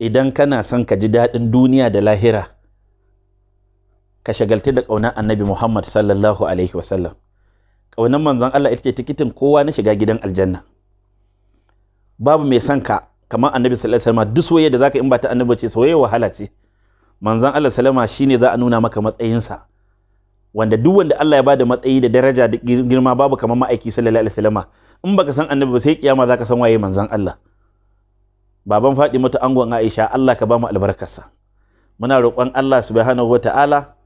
idan kana son ka ji daɗin duniya da lahira ka shagaltu da ƙaunar annabi Muhammad sallallahu alaihi wasallam ƙaunar manzon Allah ita ce tikitin kowa na shiga gidan aljanna babu mai son ka kamar annabi sallallahu alaihi wasallam duk soyayya da zaka in ba ta annabi ce soyayya wahala ce manzon Allah sallama shine za a nuna maka matsayinsa wanda duk wanda Allah ya bada matsayi da daraja da girma babu kamar ma'aiki sallallahu alaihi wasallam in baka san annabi ba sai kiyama zaka san waye manzon Allah baban mata angon Aisha Allah ka ba mu albarkarsa muna roƙon Allah subhanahu wataala